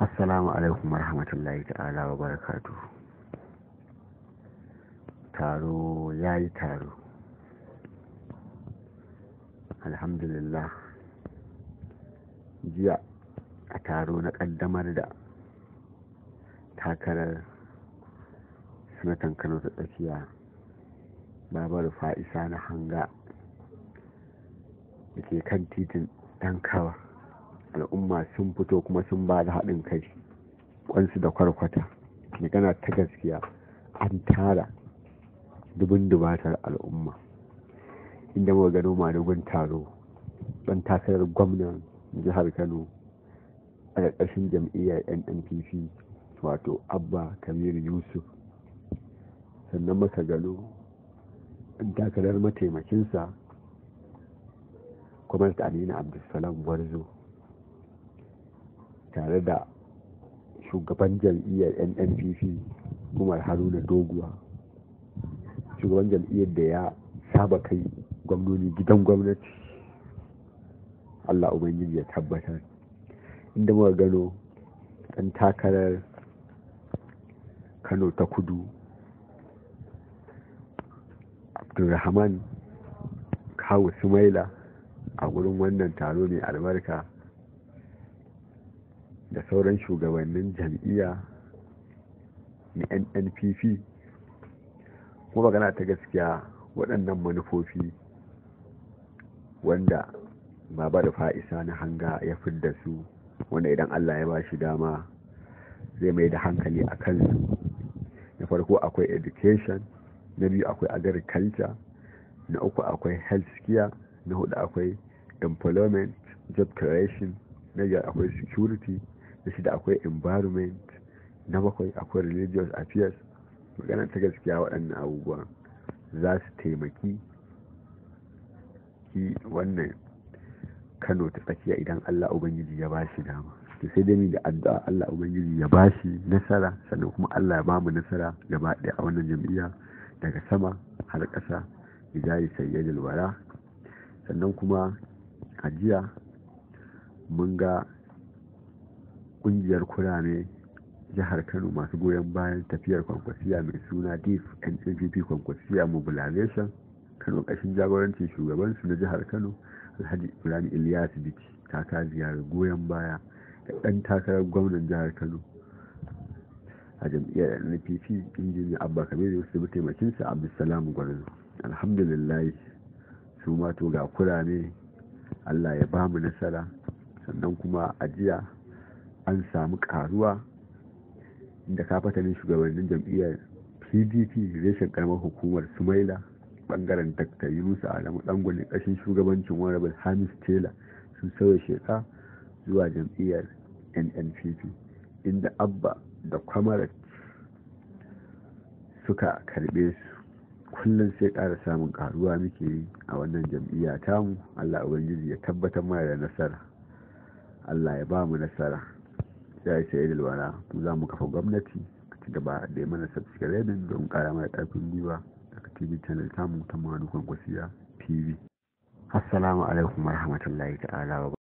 assalamu alaikum warahmatullahi ta'ala wa barakatu taro ya yi taro alhamdulillah jiya a taro na kaddamar da takarar sanatan kano ta tsakiya babar fa'isa na hanga da ke kan titin dan kawa al'umma sun fito kuma sun ba da haɗin kai kwansu da kwarkwata magana ta gaskiya an tara dubin dubatar al'umma inda muka gano ma dubin taro ɗan takarar gwamnan jihar kano a ƙarƙashin jam'iyyar nnpc wato abba kabiru yusuf sannan muka gano ɗan takarar mataimakinsa gwamnati amina abdulsalam gwarzo tare da shugaban jam'iyyar nnpp umar haruna doguwa shugaban jam'iyyar da ya saba kai gwamnoni gidan gwamnati allah ubangiji ya tabbatar inda muka gano ɗan takarar kano ta kudu abdulrahman kawo sumaila a wurin wannan taro ne albarka da sauran shugabannin jam'iyya na nnpp kuma magana ta gaskiya waɗannan manufofi wanda baba da fa'isa na hanga ya fidda su wanda idan allah ya ba shi dama zai mai da hankali a kansu na farko akwai education na biyu akwai agriculture na uku akwai health care na hudu akwai employment job creation na biyar akwai security da shida akwai environment na bakwai akwai religious affairs magana ta gaskiya waɗannan abubuwa za su taimaki ki wannan kano ta tsakiya idan allah ubangiji ya ba shi dama to sai dai da addu'a allah ubangiji ya ba shi nasara sannan kuma allah ya ba mu nasara gaba ɗaya a wannan jam'iyya daga sama har ƙasa bijari sayyidul wara sannan kuma a jiya mun ga kungiyar kurame jihar kano masu goyon bayan tafiyar kwankwasiya mai suna dif ncpp kwankwasiya mobilization kano kashin jagorancin shugabansu na jihar kano alhaji ibrahim ilyas biki ta ka ziyarar goyon baya da ɗan takarar gwamnan jihar kano a jam'iyyar npp injiniya abba kabiru yusuf mataimakinsa abdulsalam gwarzo alhamdulillah su ma to ga kurame allah ya ba mu nasara sannan kuma a jiya an samu karuwa da kafatanin shugabannin jam'iyyar pdp reshen karamar hukumar sumaila bangaren dr yunusa adamu dangwani kashin shugabancin warabin hamis tela sun sauya sheka zuwa jam'iyyar nnpp inda abba da kwamarat suka karbe su kullum sai kara samun karuwa muke yi a wannan jam'iyya tamu allah ubangiji ya tabbatar mana da nasara allah ya ba mu nasara ya yi sayar da wana za mu kafa gwamnati a ci gaba da yi mana subscribe don kara mai karfin gwiwa daga tv channel tamu ta manu kwankwasiya tv assalamu alaikum rahmatullahi ta'ala wa